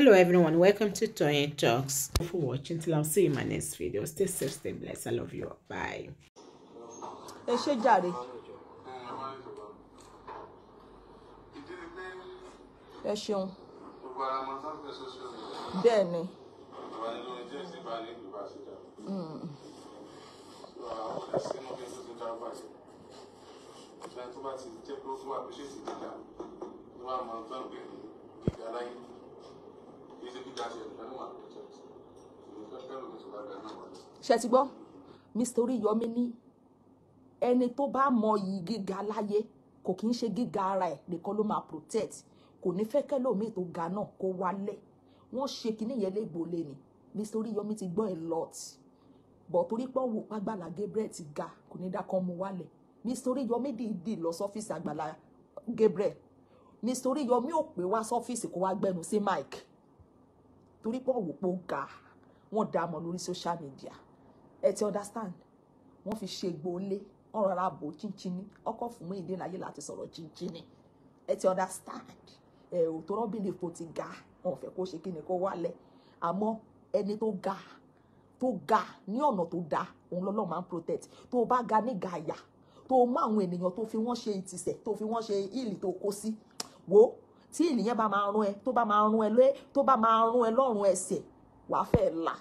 hello everyone welcome to Toyeen Talks Thank you for watching till I see you in my next video stay safe stay blessed i love you all. bye ẹ ṣe jàre ẹ ṣeun bẹ́ẹ̀ ni ìgbà hmm. tó bá ti jẹ́ pé ó fún àpèṣe ìdíjà ló wà mọ́ tó ń pè ní ìdíjà láyé ṣe ti gbọ́ Mr. Oríyọ̀mí ní ẹni tó bá mọ iyì gíga láyé kò kí ń ṣe gíga ara ẹ̀ nìkan ló máa protect kò ní fẹ́ kẹ́lòmíì tó ga náà kó wálẹ̀ wọ́n ṣe kinní yẹn légbòlé ni Mr. Oríyọ̀mí ti gbọ́ ẹ̀ lot bọ̀ torí pé òun pàgbàlá Gabriel ti ga kò ní dákan mu wálẹ̀ Mr. Oríyọ̀mí dìídì lọ sọ́fíìsì àgbàlá Gabriel Mr. Oríyọ̀mí ò pé wá sọ́fíìsì kó wá gbẹnu sí Mike torí pé òwò pò ga wọ́n dá mọ́ lórí social media ẹ ti understand wọ́n fi ṣe gbólé wọ́n rọra bò chinchini ọkọ̀ fún mi ìdí láyé láti sọ̀rọ̀ chinchini ẹ ti understand ẹ ò tó rọ́bìnrin tó ti ga wọn ò fẹ́ kó ṣe kí ni kó wálẹ̀ àmọ́ ẹni tó ga tó ga ní ọ̀nà tó da òun lọ́lọ́ máa ń protect tó o bá ga ní gàyà tó o mọ àwọn ènìyàn tó fi wọ́n ṣe ìtìsẹ̀ tó fi wọ́n ṣe ìlì tó kó sí wo tí ènìyàn bá máa rún ẹ tó bá máa rún ẹ lé tó bá máa rún ẹ lọ́rùn ẹsẹ̀ wàá fẹ́ là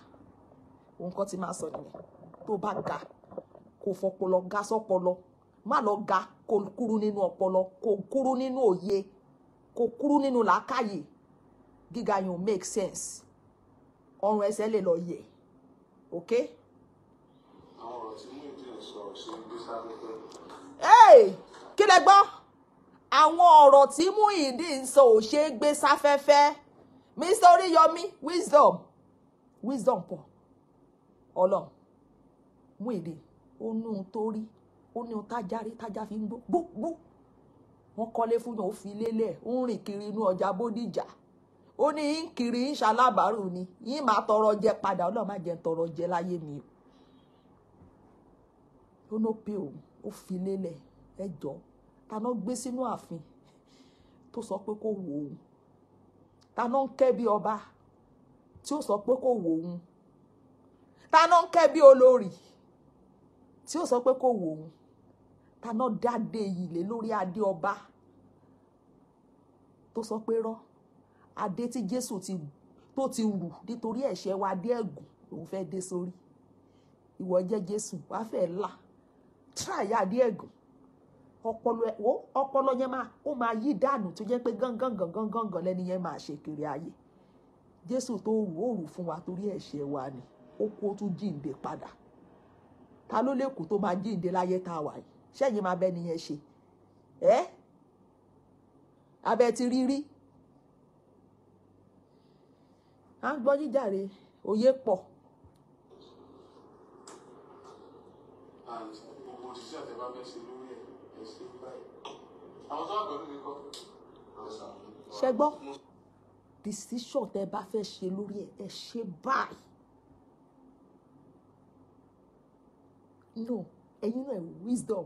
òun kan ti máa sọ nìyẹn tó bá ga kò fọpọlọ ga sọpọlọ má lọ ga kò kúrú nínú ọpọlọ kò kúrú nínú òye kò kúrú nínú làákàyè gíga yóò make sense ọrùn ẹsẹ̀ lè lọ yẹ̀ ok. àwọn ọ̀rọ̀ tí mú ìdí ẹ̀ sọ̀rọ̀ sí gbé sáfẹ́fẹ́. kí lẹ gbọ́ àwọn ọ̀rọ̀ tí Muyideen ń sọ ò ṣeé gbé sáfẹ́fẹ́ Mr. Oríyọmí wisdom wisdom pọ̀ ọlọ́run Muyideen ó ní ohun tó rí ó ní ohun tájárí tájá fi ń gbó gbógbó wọ́n kọ́lé fún yàn ó fi lélẹ̀ ó ń rìn kiri inú ọjà Bódìjà ó ní ń kiri ń ṣalábàárù ni yín máa tọrọ jẹ padà ọlọ́run má jẹ́ tọrọ jẹ láyé mi o ó ló pé òun ó fi lélẹ̀ ẹ jọ̀ọ́ taná gbé sínú ààfin tó sọ pé kó wò òun taná ń kẹ́ bí ọba tí ó sọ pé kó wò òun taná ń kẹ́ bí olórí tí ó sọ pé kó wò òun taná dáde ilé lórí adé ọba tó sọ pé rọ́ adé tí Jésù tó ti rù nítorí ẹ̀ṣẹ̀ wa adé ẹ̀gùn òun fẹ́ dé sórí ìwọ jẹ́ Jésù wàá fẹ́ là tíráyà adé ẹ̀gùn ọpọlọ ẹ wo ọpọlọ yẹn máa ó máa yí dànù tó jẹ́ pé gángan gángan gángan lẹ́ni yẹn máa ṣe kiri ayé jésù tó rù ó rù fún wa torí ẹ̀ṣẹ̀ wa ni ó kó tún jíǹde padà ta ló lẹ́kùn tó máa jíǹde láyé tá a wà yìí ṣẹ́yìn máa bẹ́ni yẹn ṣe ẹ́ abẹ́ ti rí rí à ń gbọ́ jíjàre òye pọ̀. and gbogbo òṣìṣẹ́ àtẹ̀bá fẹ́ ṣe ṣe gbọ́ decision tẹ bá fẹ́ ṣe lórí ẹ ẹ ṣe báyìí no ẹ̀yin náà wisdom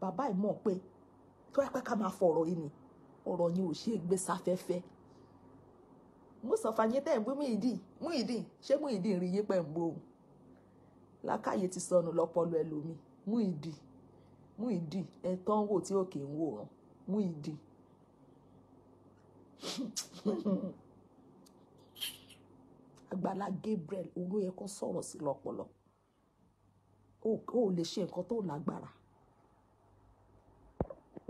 bàbá ẹ̀ mọ̀ pé tó yẹ pé ká máa fọ̀rọ̀ yìí ni ọ̀rọ̀ yìí ò ṣe é gbé sáfẹ́fẹ́ mo sọ̀fà yín tẹ̀ ń bú Muyideen Muyideen ṣé Muyideen rí yín pẹ̀ ń bú òun lákàyè ti sọnù lọ́pọlọ ẹlòmíì Muyideen Muyideen ẹ tán wò tí òkè ń wòran Muyideen. Àgbàlá Gabriel olú yẹ kó sọ̀rọ̀ sí lọ́pọlọ ó lè ṣe nǹkan tó lágbára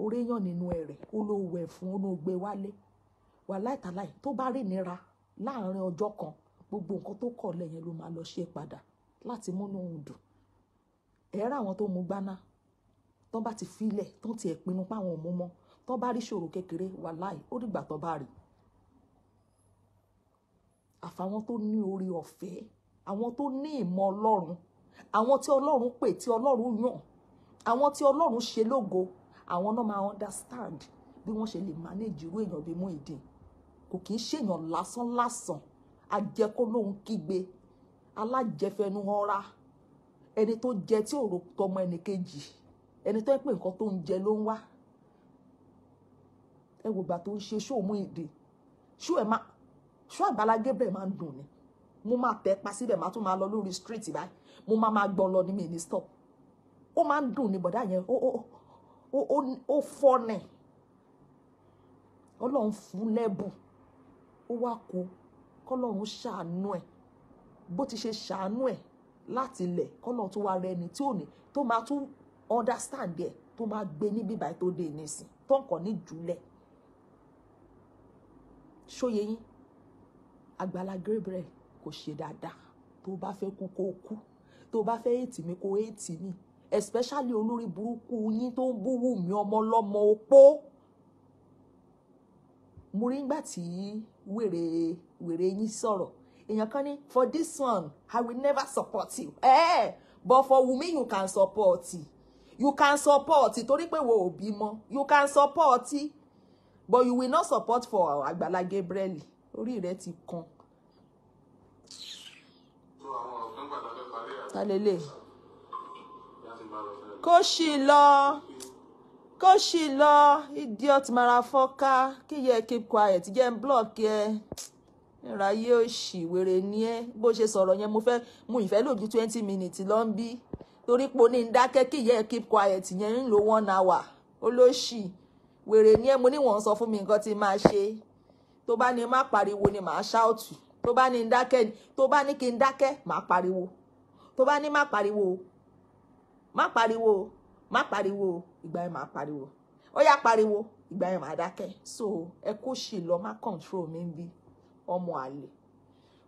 orí yàn nínú ẹ̀rẹ̀ ó ló wẹ̀ fún ó ló gbé wálé wà láìtàláì tó bá rí nira láàrin ọjọ́ kan gbogbo nǹkan tó kọ̀ lẹ́yìn ló máa lọ ṣe padà láti múnú òun dùn ẹ̀ẹ́rẹ́ àwọn tó mú gbaná tó bá ti filẹ̀ tó ti ẹ̀ pinnu páwọn òmú mọ́ tó bá rí ṣòro kékeré wàláì ó dìgbà tó bá rí àfàwọn tó ní orí ọ̀fẹ́ àwọn tó ní ìmọ̀ ọlọ́run àwọn tí ọlọ́run pè tí ọlọ́run yàn àwọn tí ọlọ́run ṣe lógo àwọn náà máa understand bí wọ́n ṣe lè manage irú èèyàn bíi Muyideen kò kì í ṣèyàn lásán lásán ajẹkó lóhun kígbe alájẹfẹnuhọra ẹni tó jẹ tí ò rò tọmọ ẹnìkejì ẹni tó ń pè nǹkan tó ń jẹ ló ń wá ẹ wò gbà tó ń ṣe ṣó mú èdè ṣó ẹ máa ṣó Àgbàlá Gabriel máa ń dùn ni mo máa tẹ pa síbẹ̀ máa tún máa lọ lórí street báyìí mo máa máa gbọ́ lọ ní mi stop ó máa ń dùn ni bọ̀dá yẹn ó ó ó ó ó fọ́ ni ọlọ́run fún lẹ́bùn ó wá kó kọ́lọ́run ṣàánú ẹ̀ bó ti ṣe ṣàánú ẹ̀ láti ilẹ̀ kọ́lọ́run tó wá rẹ ẹni tí ò ní tó máa tún understand ẹ̀ tó máa gbé ní bíbá tó dé nísìn tó ń kọ́ ní jùlẹ̀ ṣóye yín Agbala Gabriel kò ṣe dáadáa tó bá fẹ́ kú kó kú tó bá fẹ́ ètì mi kó ètì mi especially olórí burúkú yín tó ń bú Wùmí ọmọ ọlọ́mọ opó mo rí ngbà tí wèrè wèrè yín sọ̀rọ̀ èèyàn kan ní for this one I will never support you eh, but for Wùmí you can support you you can support torí pé wo ò bímọ you can support but you will not support for Agbala Gabriel orí rẹ ti kan. talele kó sì lọ kó sì lọ idiot marafoka kí yẹ keep quiet jẹ́ n block ẹ ìrayé òṣì wèrè ni ẹ bó ṣe sọ̀rọ̀ yẹn mo fẹ́ mo ìfẹ́ lòdì twenty minutes lọ ń bí torí pé ní dákẹ́ kí ìyá ẹ̀ keep quiet yẹn ń lo one hour olóṣì wèrè ní ẹ mo níwọ̀n sọ fún mi nǹkan tí máa ṣe tó bá ní má pariwo ni màá ṣáòtù tó bá ní dákẹ́ tó bá ní kí n dákẹ́ màá pariwo tó bá ní má pariwo má pariwo má pariwo ìgbà yẹn màá pariwo ó yá pariwo ìgbà yẹn màá dákẹ́ so ẹ kó ṣì lọ má control mi bí ọmọ àlè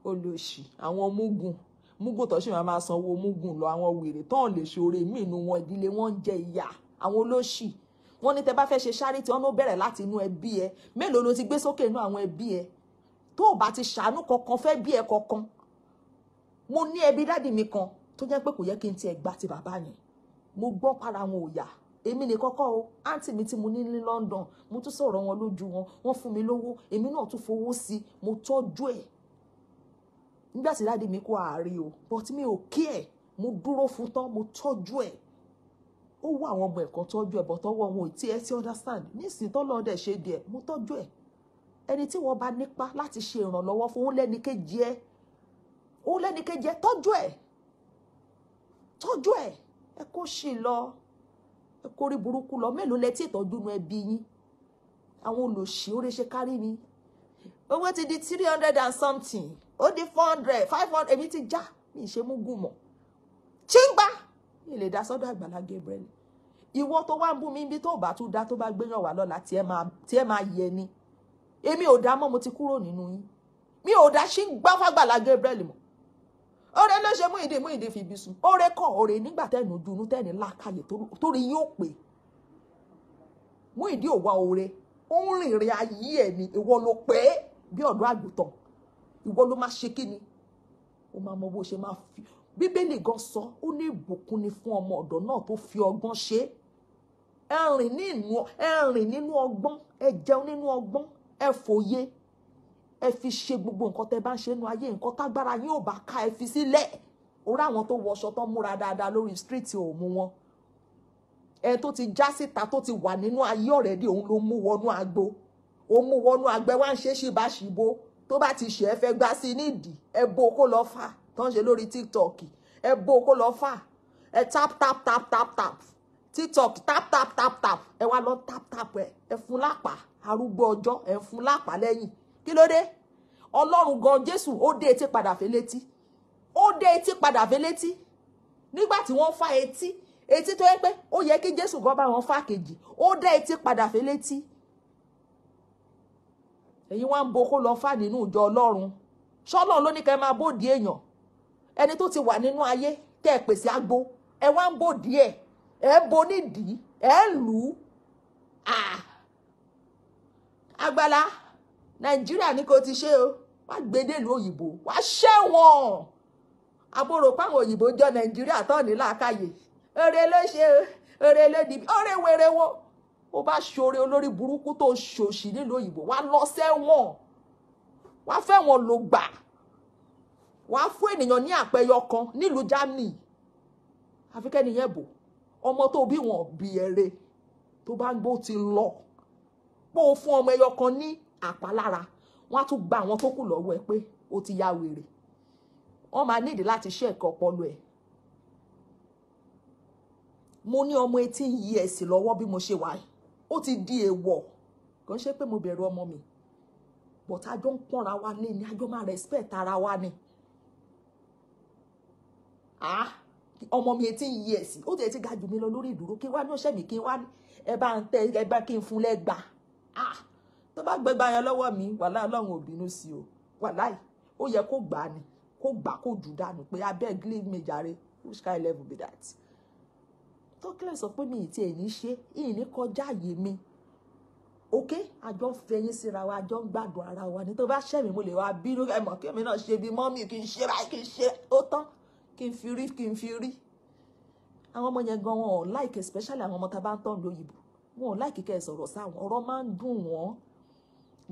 olóṣì àwọn ọmọ ogun mugun tó sì máa máa sanwó mugun lọ àwọn wèrè tán lè ṣoore mí inú wọn ìdílé wọn ń jẹ ìyà àwọn olóṣì wọn ní tẹ bá fẹ́ ṣe charity wọn ló bẹ̀rẹ̀ láti inú ẹbí ẹ mélòó ló ti gbé sókè inú àwọn ẹbí ẹ tó o bá ti ṣàánú kankan fẹ́ bí ẹ kankan mo ní ẹbí dádì mi kan tó jẹ́ pé kò yẹ kí n tiẹ̀ gba ti bàbá yẹn mo gbọ́ para wọn ò yá èmi ní kọ́kọ́ o àǹtí mi tí mo ní ní London mo tún sọ̀rọ̀ wọn lójú wọn wọ́n fún mi lówó èmi náà tún fowó sí mo tọ́jú ẹ̀ nígbà tí dáàdi mi kó ààrẹ o but mi ò kí ẹ̀ mo dúró fún tán mo tọ́jú ẹ̀ ó wá àwọn ọmọ ẹ̀kọ́ tọ́jú ẹ̀ bọ̀ tọ́wọ́ wọn ò tí ẹ ti understand nísìnyí tó lọ́ọ́ dẹ̀ ṣe díẹ̀ mo tọ́jú ẹ̀ ẹni tí wọ́n bá nípa láti ṣe ìrànlọ́wọ́ fún òun lẹ́ni kejì ẹ̀ òun lẹ́ni kejì ẹ̀ tọ́jú ẹ̀ tọ́jú ẹ̀ ẹ kó ṣì lọ ẹ kó rí burúkú lọ mélòó lẹ tí ìtọ́jú nu ẹbí yín àwọn olùṣí ó kárí mi owó ti di three hundred and something ó di four hundred five hundred èmi ti já mi ṣe mú gùn mọ́ chingba mi lè dá sọ́dọ̀ Àgbàlá Gabriel ìwọ tó wá ń bú mi níbi tó bá tún dá tó bá gbéyàn wá lọ́la tí ẹ máa yẹ ni èmi ò dá mọ́ mo ti kúrò nínú yín mi ò dá sí gbá fàgbàlá Gabriel mọ́ ọ̀rẹ́ ló ṣe mú ìdè mú ìdè fi ibi sùn ọ̀rẹ́ kọ ọ̀rẹ́ nígbà tẹnu dunú tẹni lákàyè torí yóò pé mú ìdí òwa ọ̀rẹ́ ó ń rìnrìn ayé ẹ ni ìwọ ló pé bí ọ̀dọ́ àgùntàn ìwọ ló máa ṣe kí ni ó máa mọ bó ṣe máa fi bíbélì gan sọ ó ní ìbùkún ni fún ọmọ ọ̀dọ̀ náà tó fi ọgbọ́n ṣe ẹ rìn nínú ẹ rìn nínú ọgbọ́n ẹ jẹun nínú ọgbọ́n ẹ fòye ẹ fi ṣe gbogbo nǹkan tẹ bá ń ṣe nínú ayé nǹkan tágbára yín ò bá ká ẹ fi sílẹ̀ orí àwọn tó wọṣọ tán múra dáadáa lórí stíríìtì ò mú wọn ẹ tó ti já síta tó ti wà nínú ayé ọ̀rẹ́dì òun ló mú wọnú agbo òun mú wọnú agbẹ́ wá ń ṣe ṣìbáṣìbo tó bá ti ṣe ẹ fẹ́ gbá sí nídìí ẹ bo kó lọ fà tó ń ṣe lórí tiktok ẹ bo kó lọ fà ẹ tap tap tap tap tap tiktok tap tap tap tap ẹ wá lọ tap tap ẹ ẹ fún lápá arúgbó ọjọ́ ẹ fún lápá lẹ́yìn kí ló dé ọlọ́run gan jésù ó dé etí padà fẹ́ létí ó dé etí padà fẹ́ létí nígbà tí wọ́n fá etí etí tó yẹ pé ó yẹ kí jésù gan bá wọn fá kejì ó dé etí padà fẹ́ ẹ̀yin wá ń bo kó lọ fà nínú ìjọ ọlọ́run ṣọ́lọ́run ló ní kẹ́ máa bòdì èèyàn ẹni tó ti wà nínú ayé tẹ́ ẹ pèsè agbo ẹ wá ń bòdì ẹ̀ ẹ bo nídìí ẹ lù ú àgbàlá nàìjíríà ní kò ti ṣe o wá gbedèlú òyìnbó wá ṣẹ̀wọ̀n àbúrò páwọn òyìnbó jọ nàìjíríà tán ní làákàyè ọ̀rẹ́ ló ṣe ọ̀rẹ́ ló dìbí ọ̀rẹ́ wẹrẹ wọn ó bá olori olórí burúkú tó ṣòṣì nílùú òyìnbó wá lọ sẹ́wọ̀n wá fẹ́wọ̀n ló gbà wá fún ènìyàn ní àpẹyọ kan nílùú Germany àfikẹ́ni yẹn bò ọmọ tó bí wọn bí ẹrẹ tó bá ń ti lọ pé fun fún ọmọ ẹyọ kan ní àpalára wọn á tún gba àwọn tó kù lọ́wọ́ ẹ pé o ti ya wèrè wọn máa nídìí láti ṣe ẹ̀kọ́ ọpọlọ ẹ̀ mo ní ọmọ eighteen years lọ́wọ́ bí mo ṣe wà yìí ó ti di èèwọ̀ kò ń ṣe pé mo bẹ̀rù ọmọ mi but àjọ ń pọ́nra wa ní ni àjọ máa respect ara wa ni ah ọmọ mi eighteen years ó tẹ̀ ti ga jù mí lọ lórí ìdúró kí wá ní ọ̀sẹ̀ mi kí wá ẹ bá ń tẹ ẹ bá kí n fún lẹ́gbàá ah tó bá gbẹgbà yẹn lọ́wọ́ mi wàhálà ọlọ́run ò bínú sí o wàhálà yìí ó yẹ kó gbà á ni kó gbà kó jù dànù pé abeg leave me which kind level be that tó kílẹ̀ sọ pé mi ì tiẹ̀ ní ṣe ìní kọjá àyè mi ok àjọ fẹ̀yìn síra wa àjọ ń gbádùn ara wa ní tó bá ṣẹ̀mí mo lè wá bínú ẹ̀mọ́ kí èmi náà ṣe bí mọ́mí kì í ṣe báyìí kì í ṣe ó tán kí n fi rí kí n fi rí àwọn ọmọ yẹn gan wọn ò like especially àwọn ọmọ tá a bá ń tọ́ lóyìnbó wọn ò like kẹ́ ẹ̀ sọ̀rọ̀ sáwọn ọ̀rọ̀ máa ń dùn wọ́n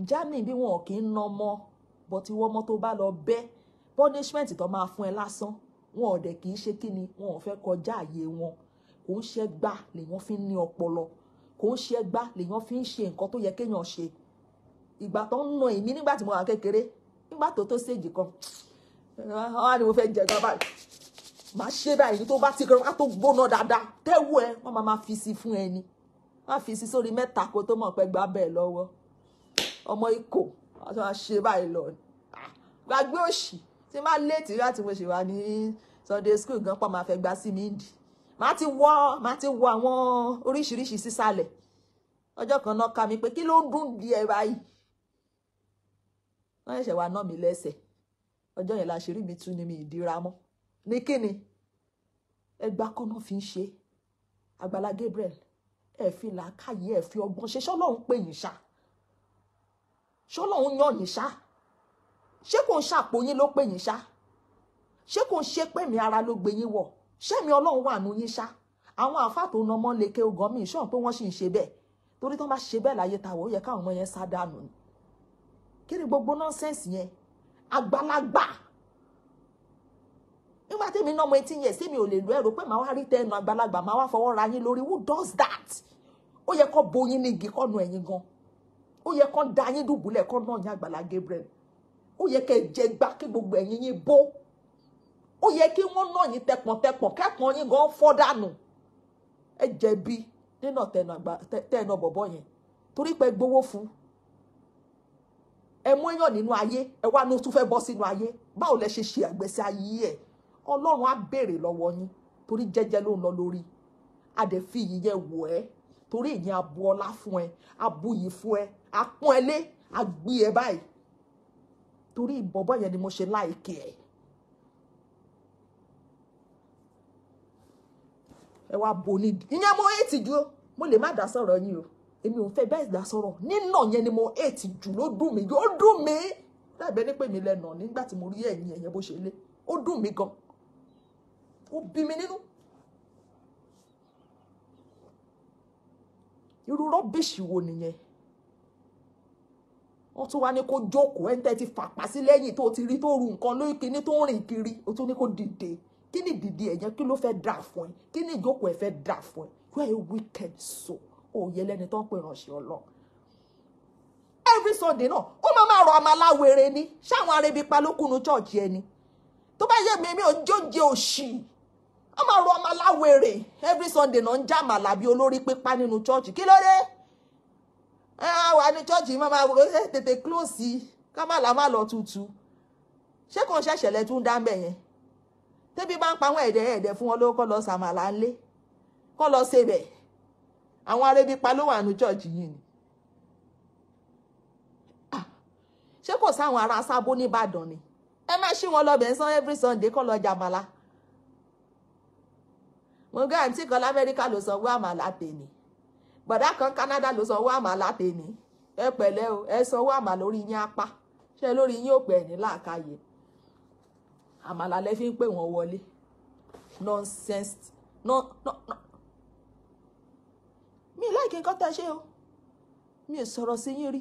germany bí wọn ò kí ń nà ọmọ but ìwọ ọmọ tó bá lọ bẹ́ punishment tó máa fún ẹ lásán wọn ò dẹ̀ kì í ṣe kíni wọn ò fẹ́ kọjá àyè wọn kò ń ṣe gbá lèèyàn fi ń ní ọpọlọ kò ń ṣe gbá lèèyàn fi ń ṣe nǹkan tó yẹ kéèyàn ṣe ìgbà tó ń nà èmi nígbà tí mo wà kékeré nígbà tó tó séèjì kan wọn ni mo fẹ́ jẹ gbàgbà màá ṣe báyìí tó bá ti kọ́ ká tó gbóná dáadáa tẹ́wọ́ ẹ wọ́n máa fi si fún ẹni wọ́n fi si sórí mẹ́ta kó tó mọ̀ pé gbà bẹ́ẹ̀ lọ́wọ́ ọmọ ikọ̀ wọ́n máa ṣe báyìí lọ ah, gbàgbé òṣì tí má léètì láti mo ṣe ní Sunday school gan pa máa fẹ́ gbà sí mi ń dì màá ti wọ màá ti wọ àwọn oríṣiríṣi sísàlẹ̀ ọjọ́ kan náà ká mi pé kí ló ń dún di ẹ̀rọ ayì wọ́n ṣẹ̀ṣẹ̀ wá ná mi lẹ́sẹ̀ ọjọ́ yẹn láṣìírí mi tú ni mi ìdíra mọ́ ní kíni ẹgbà kan náà fi ń ṣe Àgbàlá Gabriel ẹ fi làákàyè ẹ fi ọgbọ́n ṣe ṣọ́lọ́run pè yín ṣá ṣọ́lọ́run yàn yín ṣá ṣé kò ń ṣàpò yín ló pè yín ṣá ṣé kò ń ṣe pèmí ara ló gbé yín wọ̀ ṣẹ́mi ọlọ́run wà nù yín ṣá àwọn àáfàá tó nà leke ogan mi ìṣàn pé wọ́n sì ń ṣe bẹ́ẹ̀ torí tán bá ṣe bẹ́ẹ̀ láyé tàwọn ó yẹ káwọn ọmọ yẹn sá dànù ni kí ni gbogbo nọ́nsẹ̀nsì yẹn àgbàlagbà nígbà tí mi ná ọmọ etí yẹn sí mi ò lè lu ẹ̀rọ pé màá wá rí tẹnu àgbàlagbà màá wá fọwọ́ ra yín lórí who does that ó yẹ kó boyin ní igi kọ́nu ẹ̀yìn gan ó yẹ kó da yín dùbúlẹ̀ kó náà yín Àgbàlá Gabriel ó yẹ kẹ́ jẹ gbá kí gbogbo ẹ̀yìn yín bó ó yẹ kí wọ́n nà yín tẹpọ̀ntẹpọ̀n kẹ́pọ̀n yín gan fọ́ dànù ẹ jẹ̀bi nínà tẹ̀nà bọ̀bọ̀ yẹn torí pé gbowó fún ẹ mú èèyàn nínú ayé ẹ wá ní o tún fẹ́ bọ́ sínú ayé báwo lẹ ṣe ṣe àgbẹ̀sí ayé ẹ̀ ọlọ́run á béèrè lọ́wọ́ yín torí jẹ́jẹ́ ló ń lọ lórí adẹ̀fí yìí yẹ wò ẹ́ torí ìyẹn abu ọlá fún ẹ abu yìí fún ẹ apọ́n ẹ lé agbí ẹ báyìí torí bọ̀bọ̀ yẹn ni mo ṣe láìkẹ́ ẹ̀ ẹ wá bò ní ìyẹn mo èètì jù mo lè má dá sọ̀rọ̀ yín o èmi ò fẹ́ bẹ́ẹ̀ dá sọ̀rọ̀ nínà yẹn ni mo èètì jù ló dùn mí ó dùn mí láìpẹ́ ní pè mí lẹ́nà nígbà tí mo rí ẹ̀yìn ẹ̀yẹ bó ṣe lé ó dùn mí gan ó bí mi nínú. irú rọ́bìṣì wo nìyẹn wọ́n tún wá ní kó jókòó ẹ̀ ń tẹ́ ti fàpá sí lẹ́yìn tó ti rí tó ru nǹkan lóyún kinní tó ń rìn kiri ó tún ní kó dìde kí ni dìde ẹ̀yẹn kí ló fẹ́ dà fún ẹ kí ni ìjókòó ẹ fẹ́ dà fún ẹ you are a wicked soul òye lẹni tó ń pè ránṣẹ́ ọlọ́run every sunday náà ó máa máa rọ amaláwere ni ṣáwọn arebi palókùnú chọ́ọ̀chì ẹni tó bá yẹ mímí òjòjì òṣì ó máa rọ amaláwere every sunday náà ń já màlà bí olórí pípa nínú chọ́ọ̀chì kí ló dé wà ní chọ́ọ̀chì máa máa wọlé tètè close ká má là má lọ tutù ṣé kò ń ṣẹ̀ṣẹ̀ lẹ́tún dá mbẹ̀ tẹ́bí bá ń pa àwọn ẹ̀dẹ̀ ẹ̀dẹ̀ fún wọn lówó kọ́ lọ sàmàlà ńlẹ̀ kọ́ lọ sebẹ̀ àwọn arẹbí pa ló wà ní church yìí ni ah, ṣé kò sáwọn ará sábó nìbàdàn ni ẹ má ṣí wọn lọbẹ̀ ń every sunday kọ́ lọ jàmàlà mo gbé àǹtí kan lamẹ́ríkà ló sanwó àmàlà tèmi bọ̀dá kan canada ló sanwó àmàlà tèmi ẹ pẹ̀lẹ́ o ẹ sanwó àmàlà lórí yín apá ṣé lórí yín ò pẹ̀ ní làákàyè àmàlà lẹ fi ń pè wọ́n wọlé nonsense no no no mi láìkí nǹkan tá a ṣe o mi ò sọ̀rọ̀ sí yín rí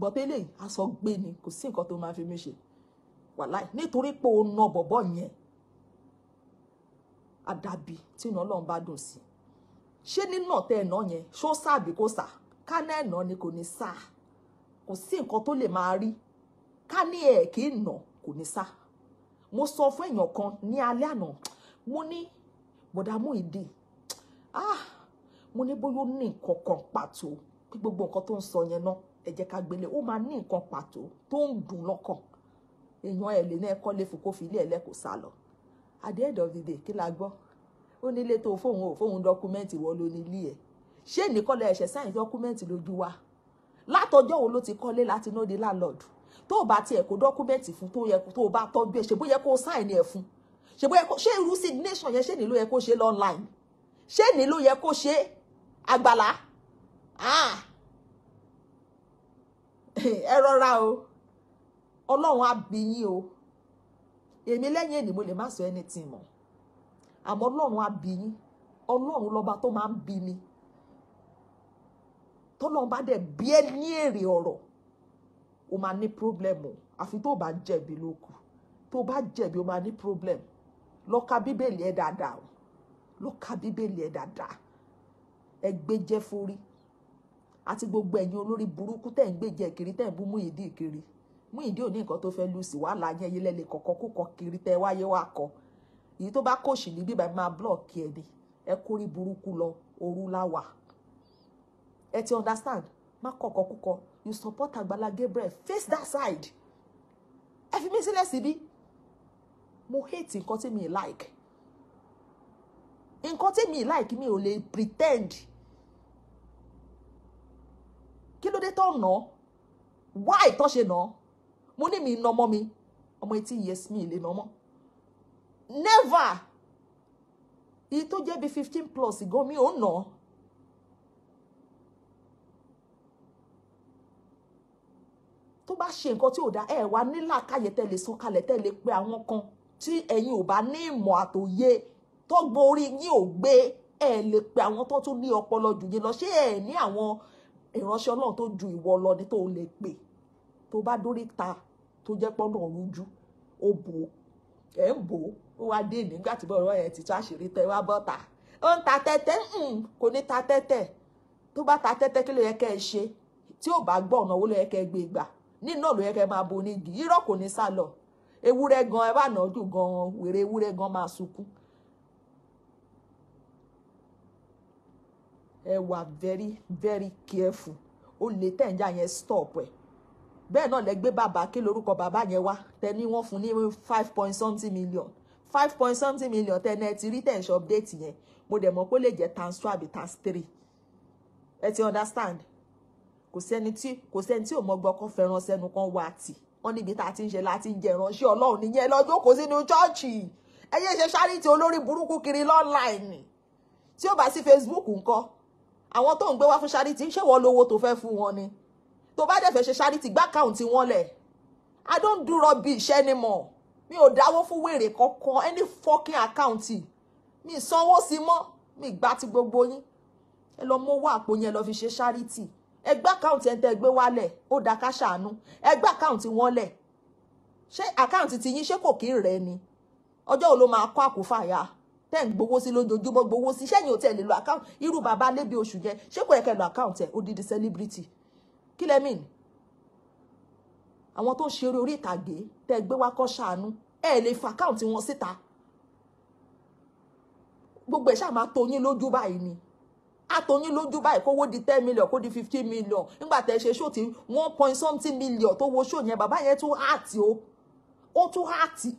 bọ̀bélé aṣọ gbé ni kò sí nǹkan tó máa fi mí ṣe wàláì nítorí pé o na bọ̀bọ̀ yẹn àdàbí tí iná ọlọ́run bá dùn sí ṣé nínà tẹ ẹ̀nà yẹn ṣó sáàbí kò sà ká náà ẹ̀nà ni kò ní sà kò sí nǹkan tó lè máa rí ká ní ẹ̀ kí nà kò ní sà mo sọ fún èèyàn kan ní alẹ́ àná mo ní bọ̀dá Muyideen ah mo ní bóyá ó ní nǹkan kan pàtó pé gbogbo nǹkan tó ń sọ yẹn náà ẹ jẹ́ ká gbélé ó máa ní nǹkan pàtó tó ń dùn lọ́kàn èèyàn ẹ̀ lè náà kọ́lé fún kó fi ilé ẹlẹ́kọ̀ọ́ sá lọ at the end of the day kí la gbọ́ ó nílé tó fóun ò fóun dọ́kúmẹ́ǹtì wọ́n ló nílé ẹ̀ ṣé nìkọ́lẹ̀ ẹ̀ṣẹ̀ sáyẹn dọ́kúmẹ́ǹtì lójú wa látọjọ́ wo ló ti kọ́lé láti nóde láńlọ́ọ̀dù tó o bá tiẹ̀ kó dọ́kúmẹ́ǹtì fún tó yẹ tó o bá tọ́jú ẹ̀ ṣe bó yẹ kó o sign ẹ̀ fún ṣe bó yẹ kó ṣé irú signation yẹn ṣé nílò yẹ kó ṣe online ṣé nílò yẹ kó ṣe àgbàlá ah! ẹ rọra o ọlọ́run á bí yín o èmi lẹ́yìn ènìyàn mo lè má sọ anything mọ́ àmọ́ ọlọ́run á bí yín ọlọ́run lọ́ba tó máa ń bí mi tọ́lọ́run bá dẹ̀ bí ẹ ní èrè ọ̀rọ̀ o máa ní problem o àfi tó o bá jẹ̀bi ló kù tó o bá jẹ̀bi o máa ní problem lọ ka bíbélì ẹ dáadáa o lọ ka bíbélì ẹ dáadáa ẹ gbéjẹ forí àti gbogbo ẹ̀yin olórí burúkú tẹ̀ ń gbéjẹ kiri tẹ̀ ń bú Muyideen kiri Muyideen ò ní nǹkan tó fẹ́ lù sí wàhálà yẹn yẹn lẹ́lẹ̀ kọ̀kọ́ kó kọ kiri tẹ́ wáyé wá kọ èyí tó bá kòṣì ní bíbá máa blọọkì ẹ ni ẹ kórí burúkú lọ òru ẹ ti understand má kọ̀kọ́ kúkọ you support Agbala Gabriel face that side ẹ fi mí sílẹ̀ síbí mo hate nǹkan tí mi like nǹkan tí mi like mi ò lè pretend kí ló dé tó nà why tó ṣe nà mo ní mi nà ọmọ mi ọmọ etí yes mi lè nà ọmọ never iye tó jẹ́ bí fifteen plus gan mi ò nà. No tó bá ṣe nǹkan tí ò dá ẹ wá nílà káyẹ tẹ́lẹ̀ sọ kalẹ̀ tẹ́lẹ̀ pé àwọn kan tí ẹ̀yin ò bá ní ìmọ̀ àtòyé tó gborí yín ò gbé ẹ lè pe àwọn tó tún ní ọpọlọ jù yín lọ ṣé ẹ ní àwọn ìránṣẹ́ Ọlọ́run tó ju ìwọ lọ ni tó lè pè tó bá dórí ta tó jẹ́ pọnà rújú ó bò ẹ ń bò ó wá dé nígbà tí bọrọ ẹ ti tó àṣírí tẹ wá bọta ó ń ta tẹ́tẹ́ hmm, kò ní ta tẹ́tẹ́ tó bá ta tẹ́tẹ́ kí ló yẹ kẹ́ ẹ ṣe tí ò bá gbọ́ ọ̀nà owó ló yẹ kẹ́ ẹ gbé gbà nínú òlò yẹn kẹ́ máa bo onígi irọ́ kò ní sá lọ ewúrẹ́ gan ẹ bá nà jù gan wèrè ewúrẹ́ gan máa sunkún. ẹ wà very very careful ó lè tẹ̀yìn yẹn stop ẹ̀ bẹ́ẹ̀ náà lẹ gbé bàbá kí lórúkọ bàbá yẹn wá tẹni wọ́n fún ní five point something million five point something million tẹni ẹ ti rí tẹ̀sán update yẹn mo dẹ̀ mọ̀ pé ó lè jẹ́ times two àbí times three ẹ ti understand kò sẹ́ni tí kò sẹ́ni tí ò mọ gbọ́ kó fẹ́ràn sẹ́nu kan wá tì wọ́n níbi tá a ti ń ṣe láti ń jẹ ìránṣẹ́ ọlọ́run nìyẹn lọ́jọ́ kò sínú chọ́ọ̀chì ẹyẹ ṣe ṣáríìtì olórí burúkú kiri lọ́ọ̀láìnì tí ó bá sí Facebook ńkọ́ àwọn tó ń gbé wá fún ṣáríìtì ń ṣèwọ́ lówó tó fẹ́ fún wọn ni tó bá dẹ̀ fẹ́ ṣe ṣáríìtì gbá káùntì wọn lẹ̀ I don't do rubbish anymore mi ò dáwó fún wèrè kankan any fucking account mi sanwó sí mọ́ mi gbà ti gbogbo yín ẹ lọ mówó àpò yẹn lọ fi ṣe ṣáríìtì ẹgbẹ́ àkáǹtì ẹ̀ńtẹ́ gbé wálẹ̀ ó da ká ṣàánú ẹgbẹ́ àkáǹtì wọn lẹ̀ ṣé àkáǹtì ti yín ṣé kò kí rẹ̀ ni ọjọ́ wo ló máa kọ́ àkófàyà tẹ́ ń gbowó sí lójoojúmọ́ gbowó sí ṣẹ́yìn ò tẹ̀ lè lo àkáǹtì irú bàbá lébi oṣù yẹn ṣé kò yẹ kẹ́ lo àkáǹtì ẹ̀ odidi celebrity kí lẹ́ mìn àwọn tó ń ṣeré orí ìtàgé tẹ́ gbé wá kọ́ ṣàánú ẹ̀ lè fa àkáǹtì wọn síta gbogbo ẹ̀ ṣáà máa tó yín lójú báyìí ni àtọyín lójú báyìí kówó di ten million kó di fifteen million nígbà tẹ ṣe ṣó ti one point something million tó wo ṣó yẹn bàbá yẹn tún àti o ó tún àti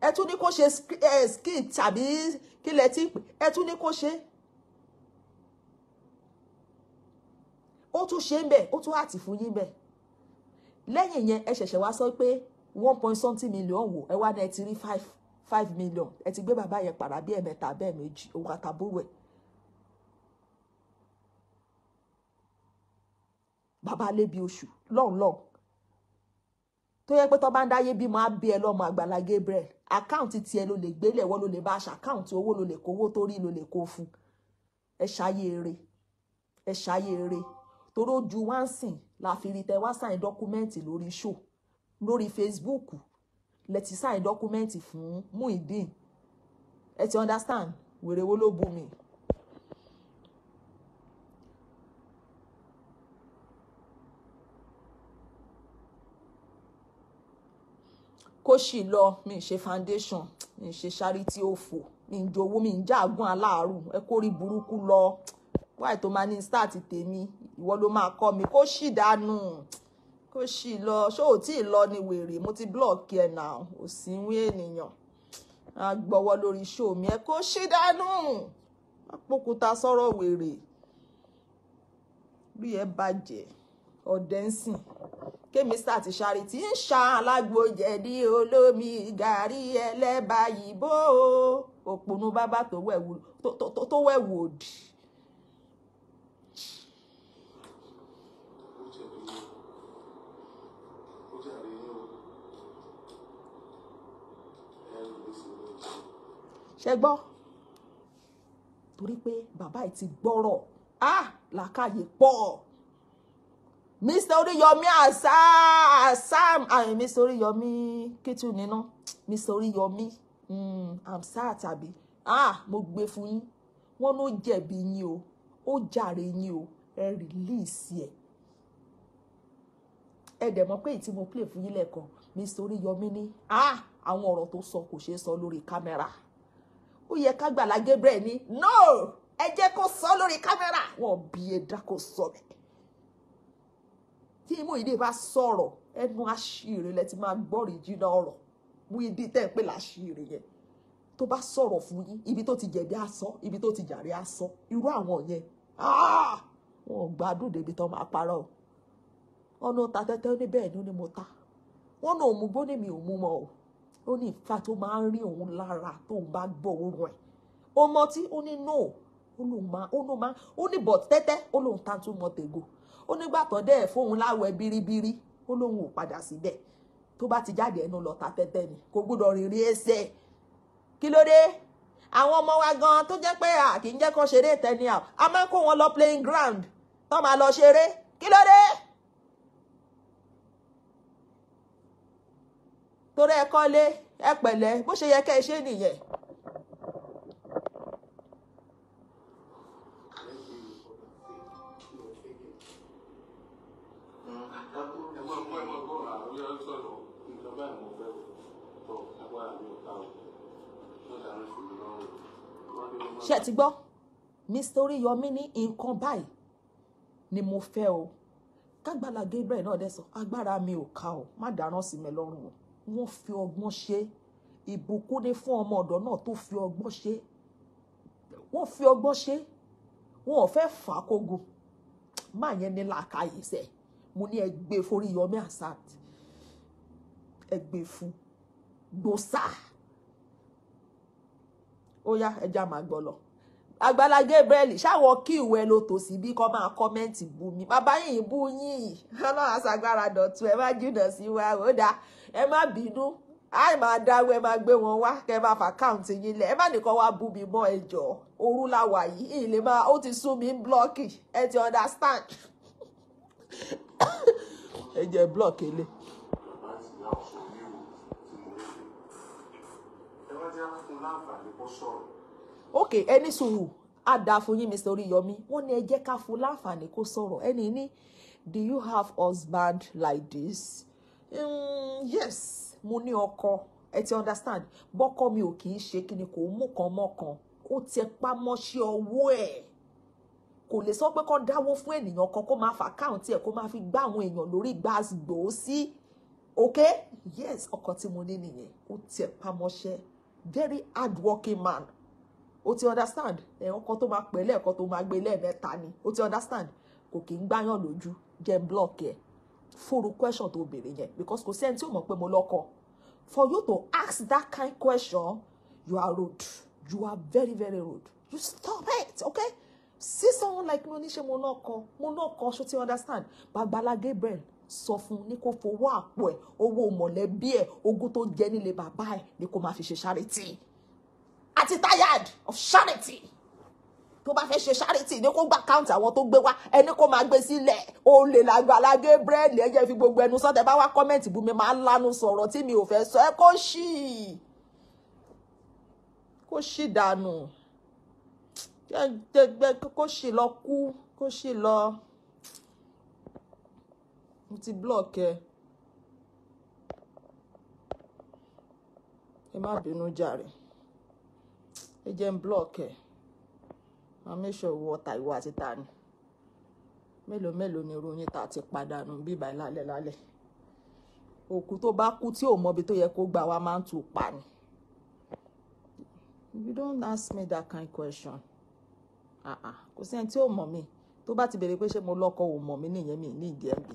ẹ tún ní kó ṣe skin tàbí kílẹ̀ tí ẹ tún ní kó ṣe ó tún ṣe ń bẹ̀ ó tún àti fún yín bẹ̀ lẹ́yìn yẹn ẹ ṣẹ̀ṣẹ̀ wá sọ pé one point something million wò ẹ wá ní ẹ ti rí five five million ẹ ti gbé bàbá yẹn pàrà bí ẹ̀mẹ́ta bẹ́ẹ̀ méjì òun àtàbúrò ẹ̀ bàbá lé bi oṣù lọ́nlọ́n tó yẹ pé tó bá ń dáyé bímọ á bí ẹ lọ́mọ Àgbàlá Gabriel àkáǹtì tiẹ̀ ló lè gbélé ẹ̀wọ́ ló lè bá aṣọ àkáǹtì owó ló lè kówó torí ló lè kó fún ẹ ṣayé eré ẹ ṣayé eré torí ó wá ń sìn la fi rí tẹ wá sáìn dọ́kúmẹ́ǹtì lórí ṣò lórí Facebook lẹ ti sáìn dọ́kúmẹ́ǹtì fún Muyideen ẹ ti understand wèrè wo ló bu mi. kó sì lọ mi ṣe foundation mi ń ṣe charity òfò mi ń jowó mi ń jáàgùn aláàrù ẹ kó rí burúkú lọ wáì tó máa ní start tèmi ìwọ ló máa kọ́ mi kó sì dànù kó sì lọ ṣó ò tí ì lọ ni wèrè mo ti block ẹ nà ò sí ń wí ènìyàn a gbọ́wọ́ lórí ṣó mi ẹ kó sì dànù àpòkúta sọ̀rọ̀ wèrè rí ẹ bàjẹ́ ọ̀dẹ́nsìn kémi sàti ṣàrìtì ń ṣa alágbòjẹ̀dí olómi gàrí ẹlẹ́bà yìbò òpònú bábà tó wẹ̀wù òdì. ṣe gbọ́ torí pé bàbá yìí ti gbọ́rọ̀ á ah! làákàyè pọ̀ mr oríyọmí asam àyìn mr oríyọmí kétù nínú mr oríyọmí amsa mm, tàbí ah mo gbé fún yín wọn ló jẹ̀bi yín o ó jàre yín o ẹ rìlíìsì ẹ ẹ dẹ̀ mọ̀ pé èyí mo play fún yín lẹ́ẹ̀kan mr oríyọmí ni ah àwọn ọ̀rọ̀ tó sọ kò ṣeé sọ lórí kámẹ́rà ó yẹ ká gbàlá Gabriel ní no ẹ ko kó sọ lórí kámẹ́rà wọn bí ẹ̀dá kó sọ bẹ́ẹ̀ tí Muyideen bá sọ̀rọ̀ ẹnu àṣírí lẹ ti máa gbọ́rì jìnnà ọ̀rọ̀ Muyideen tẹ́ ń pè láṣírí yẹn tó bá sọ̀rọ̀ fún yín ibi tó ti jẹ̀bi asọ́ ibi tó ti jàre asọ́ irú àwọn yẹn ah! wọn ò gbádùn débi tán máa parọ́ ọ̀nà ta tẹ́tẹ́ ní bẹ́ẹ̀ ni ó ní mo ta wọn náà mú gbóni mi ò mú mọ́ o ó ní ìfà tó máa ń rí òun lára tóun bá gbọ́ òun ẹ̀ ọmọ tí ó ní no ó lóun máa ó ní bọ̀ tẹ́tẹ́ ó lóun ta tún mọ́ tègo ó nígbà tó dẹ́ ẹ̀ fóun láwẹ̀ biribiri ó lóun ò padà síbẹ̀ tó bá ti jáde ẹnu lọ ta tẹ́tẹ́ ni kò gbúdọ̀ rírí ẹsẹ̀ kí ló dé àwọn ọmọ wa gan tó jẹ́ pé à kì í jẹ́ kó ṣeré tẹ́ni à a máa kó wọn lọ playing ground tó máa lọ ṣeré kí ló dé. torí ẹ kọ́lé ẹ pẹ̀lẹ́ bó ṣe yẹ kẹ́ ẹ ṣe nìyẹn bí wọ́n sọ̀rọ̀ nǹkan báyìí mo fẹ́ o tọ́ agbára mi ò o lọ́dà rẹ̀ sì lọ́ ṣe ti gbọ́ Mr. Oriyomi ní nǹkan báyìí ni mo fẹ́ o kágbára Gabriel náà dẹ̀ sọ agbára mi ò ká o má dáràn sí mi lọ́rùn o wọ́n fi ọgbọ́n ṣe ìbùkún ni fún ọmọ ọ̀dọ́ náà tó fi ọgbọ́n ṣe wọ́n fi ọgbọ́n ṣe wọn ò fẹ́ fà á kógun máa yẹn ní làákàyè sẹ́ẹ̀ mo ní ẹgbẹ́ Oríyọmí Hassan ẹgbẹ́ fún gbòòsà ó yá ẹja máa gbọ́ lọ Agbala Gabriel ṣáwọ kí ìwẹ ló tò sí bí kò máa kọ́mẹ́ǹtì bú mi bàbá yìí bú yín ọlọ́run aṣàgbára dọ̀tun ẹ má jìnnà sí wa ó dáa ẹ má bínú àì máa dáwọ́ ẹ máa gbé wọn wá kẹ máa fà káùntì yín lẹ ẹ má nìkan wá bú mi mọ́ ẹjọ́ òru làwà yìí ìlè máa ó ti sún mi blọ́ọ̀kì ẹ ti understand ẹ jẹ́ blọ́ọ̀kì lé. fún láǹfààní kó sọ̀rọ̀. ok ẹni sùúrù á dáa fún yín Mr. Oríyọmí wọ́n ni? ẹ jẹ́ ká fún láǹfààní kó sọ̀rọ̀ ẹni ní do you have husband like this um, yes mo ní ọkọ ẹ ti understand bọ́kọ mi ò kì í ṣe kí ni kò mú kan mọ́ kan ó ti pa mọ́ṣẹ́ ọwọ́ ẹ̀ kò lè sọ pé kó dáwó fún ènìyàn kan kó máa fa àkáǹtì ẹ̀ kó máa fi gbá àwọn èèyàn lórí gbàgbó sí ok yes ọkọ tí mo ní nìyẹn ó ti pa mọ́ṣẹ́ very hardworking man o ti understand ẹ̀wọ̀n kan tó máa pẹ́ lẹ́ẹ̀kan tó máa gbé lẹ́ẹ̀mẹ́ta ni o ti understand kò kí ń gbáyàn lójú jẹ́ block yẹ fúru question tó béèrè yẹn because kò sẹ́ni tí ò mọ̀ pé mo lọ́kọ for you to ask that kind question you are rude you are very very rude you stop it okay see someone like me oníṣẹ́ mo lọ́kọ mo lọ́kọ ṣó ti understand Bàgbàlá Gabriel sọ fún ní kó fowó àpò ẹ̀ owó mọ̀lẹ́bí ẹ̀ ogún tó jẹ́ nílé bàbá ẹ̀ ní kó máa fi ṣe charity àti tired of charity tó bá fẹ́ ṣe charity ní kó gba account àwọn tó gbé wá ẹni kó máa gbé sílẹ̀ ó lè làgbàlá Gabriel ẹ̀jẹ̀ fi gbogbo ẹnu sọ́tẹ̀ bá wá kọ́mẹ̀ntì bú mi máa ń lanu sọ̀rọ̀ tí mi ò fẹ́ sọ ẹ́ kó ṣì kó ṣì dànù kó ṣì lọ kú kó ṣì lọ mo ti block ẹ ẹ má bínú jàre ẹ jẹ́ ń block ẹ máa make sure wọ ọ̀tá ìwọ àti ta ni mélòó mélòó ni irú yín ta ti pàdánù bíbá ẹ lálẹ́ lálẹ́ òkú tó bá kú tí ò mọbi tó yẹ kó gbà wá máa ń tù pa ni. you don't ask me that kind of question. Ah ah, kò sí ẹni tí ò mọ̀ mi tó bá ti béèrè pé ṣé mo lọ́kọ ò mọ̀ mi nìyẹn mi ní ìdí ẹ̀ bì.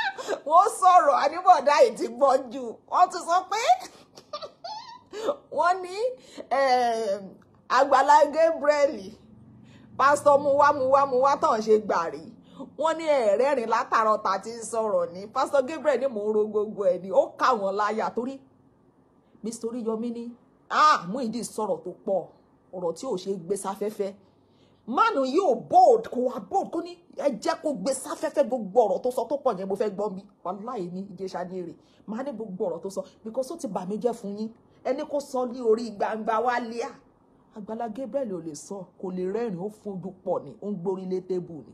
wọ́n sọ̀rọ̀ àníbọ̀dá yìí ti gbọ́n jù wọ́n ti sọ pé wọ́n ní ehm, àgbàlá Gabriel pásítọ̀ muwamuwamuwa tàn ṣe gbàrí wọ́n ní ẹ̀rẹ́rìn látàrọ ta ti ń sọ̀rọ̀ ní pásítọ̀ Gabriel ní mò ń ro gbogbo ẹ̀ ní ó kà wọ́n láyà torí Mr. Yomi ní ah Muyideen sọ̀rọ̀ tó pọ̀ ọ̀rọ̀ tí ò ṣe gbé sáfẹ́fẹ́ mánu yóò bold kò wá bold kò ní ẹ jẹ́ kó gbé sáfẹ́fẹ́ gbogbo ọ̀rọ̀ tó sọ tó pọ̀ yẹn mo fẹ́ gbọ́ mi wàláì ní ìjẹsà ní èrè máa ní gbogbo ọ̀rọ̀ tó sọ because ó ti bà mí jẹ́ fún yín ẹni kó sọ ní orí gbangba wá lẹ́à Àgbàlá Gabriel ò lè sọ kò lè rẹ́rìn ó fojú pọ̀ ni ó ń gborí lé tébù ni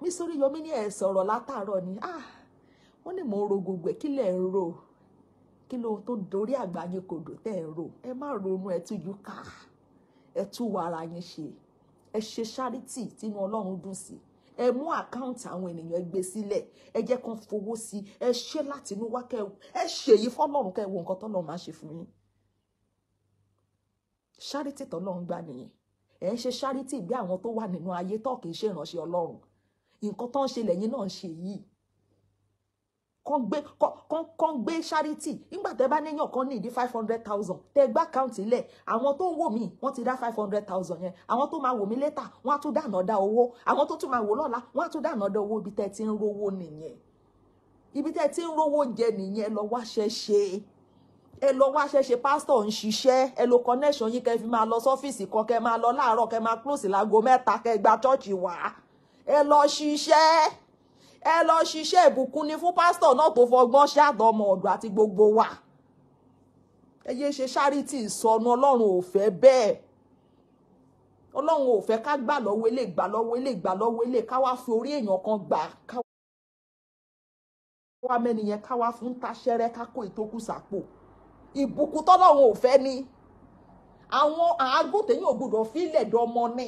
mi sórí ní ẹ̀ sọ̀rọ̀ látàárọ̀ ni ah wọ́n ní mò ń ro gbogbo ẹ̀ kí lẹ̀ ń ro kí ló tó dorí àgbà yín kodò ẹ má wàrà yín ṣe ẹ ṣe charity tínú ọlọ́run dùn sí ẹ mú àkáǹtì àwọn ènìyàn ẹ gbé sílẹ̀ ẹ jẹ́ kán fowó sí ẹ ṣe láti inú wá kẹ ẹ ṣèyí fọ́lọ́run kẹ wo nǹkan tọ́lọ́run máa ṣe fún yín charity tọ́lọ́run gbà nìyẹn ẹ ń ṣe charity bí àwọn tó wà nínú ayé tó kì í ṣe ìránṣẹ́ ọlọ́run nǹkan tó ń ṣe lẹ́yìn náà ń ṣe yìí kàn gbé kàn kàn gbé charity nígbà tẹ́ bá níyàn kan ní ìdí five hundred thousand tẹ́ gbá káùntì lẹ̀ àwọn tó ń wò mí wọ́n ti dá five hundred thousand yẹn àwọn tó máa wò mí létà wọ́n á tún dáná dá owó àwọn tó tún máa wò lọ́la wọ́n á tún dáná dá owó ibi tẹ́ ti ń rówó nìyẹn ibi tẹ́ ti ń rówó jẹ nìyẹn lọ wá ṣẹṣẹ ẹ lọ wá ṣẹṣẹ pásítọ̀ ń ṣiṣẹ́ ẹ lo connection yìí kẹ́ fi máa lọ sọ́fíìsì kan kẹ́ máa lọ láàárọ̀ kẹ́ máa close láago mẹ́ta kẹ́ gba chọ́ọ̀chì ẹ lọ ṣiṣẹ́ ìbùkún ni fún pásítọ̀ náà tó fọgbọ́n ṣàtọmọ ọ̀dọ̀ àti gbogbo wa ẹ yéé ṣe ṣáríìtì ìsọnù ọlọ́run ò fẹ́ bẹ́ẹ̀ ọlọ́run ò fẹ́ ká gbà lọ́wọ́ ilé gbà lọ́wọ́ ilé gbà lọ́wọ́ ilé ká wá fi orí èèyàn kan gbà ká wá mẹ́ni yẹn ká wá fún táṣẹ́rẹ́ ká kó ìtókù sápò ìbùkún tọ́lọ́run ò fẹ́ ni àwọn àágùn tèyàn ò gbọdọ̀ fílẹ̀ dọ́mọ ní